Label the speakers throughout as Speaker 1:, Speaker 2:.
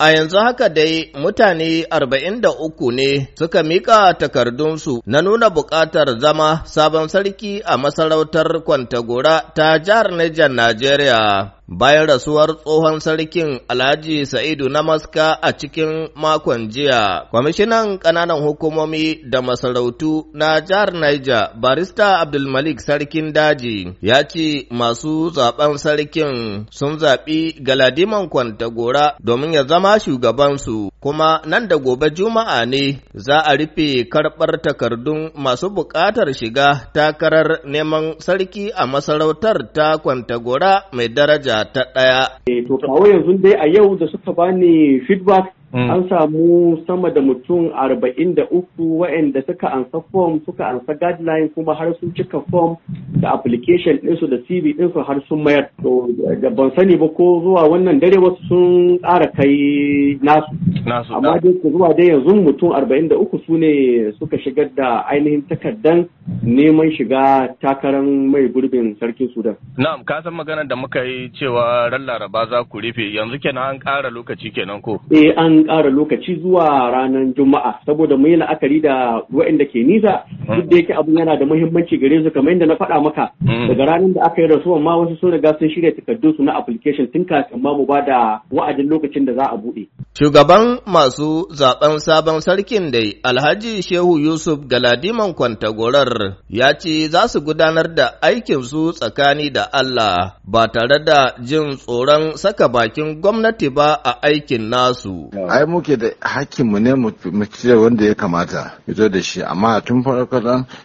Speaker 1: A yanzu haka dai mutane arba'in da uku ne suka miƙa takardunsu na nuna buƙatar zama sabon sarki a masarautar Kwantagora ta jihar Nijar Najeriya. bayan rasuwar tsohon sarkin Alhaji Sa'idu na Maska a cikin makon jiya. Kwamishinan ƙananan hukumomi da masarautu na jihar Niger, barista Abdulmalik sarkin daji, ya ce masu zaben sarkin sun zaɓi Galadiman Kwantagora domin ya zama shugabansu, kuma nan da gobe Juma'a ne za a rufe karɓar takardun masu buƙatar shiga takarar neman sarki a masarautar ta Kwantagora mai daraja. ta ɗaya. Eh,
Speaker 2: to kawo yanzu dai a yau da suka bani feedback Mm. an samu sama da mutum arba'in da uku waɗanda suka ansa form suka ansa guideline kuma har sun cika form da application ɗinsu da cv ɗinsu har sun mayar to da ban sani ba ko zuwa wannan dare wasu sun ƙara kai
Speaker 3: nasu
Speaker 2: amma dai ku zuwa dai yanzu mutum arba'in da uku su ne suka shigar da ainihin takardan neman shiga takarar mai gurbin sarkin sudan
Speaker 1: na'am ka san maganar da muka yi cewa ran laraba za ku rufe yanzu kenan an ƙara lokaci kenan ko
Speaker 2: eh an an ƙara lokaci zuwa ranar juma'a saboda mu yi la'akari da waɗanda ke nisa duk da yake abun yana da muhimmanci gare su kamar yadda na faɗa maka mm. daga ranar da aka yi rasuwan ma wasu sun riga sun shirya takardun su na application tun kafin ma mu ba da wa'adin lokacin da za a buɗe.
Speaker 1: Shugaban masu zaben sabon sarkin dai Alhaji Shehu Yusuf Galadiman Kwantagorar ya ce za su gudanar da aikin su tsakani da Allah ba tare da jin tsoron saka bakin gwamnati ba a aikin nasu. Ai
Speaker 3: muke da hakkinmu ne mu ce wanda ya kamata fito da shi amma tun farko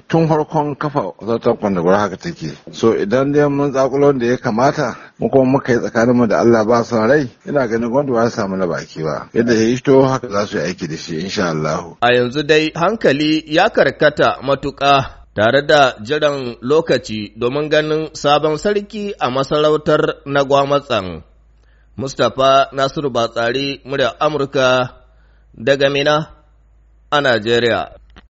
Speaker 3: tun farkon kafa zartar gura haka take so idan dai mun zakulo da ya kamata mu kuma muka yi tsakanin mu da Allah ba son rai ina ganin gwanda ba samu na baki ba yadda ya yi to haka za su yi aiki da shi insha Allah
Speaker 1: a yanzu dai hankali ya karkata matuƙa tare da jiran lokaci domin ganin sabon sarki a masarautar na gwamatsan. Mustapha Nasiru Batsari, murya Amurka daga Mina a Najeriya.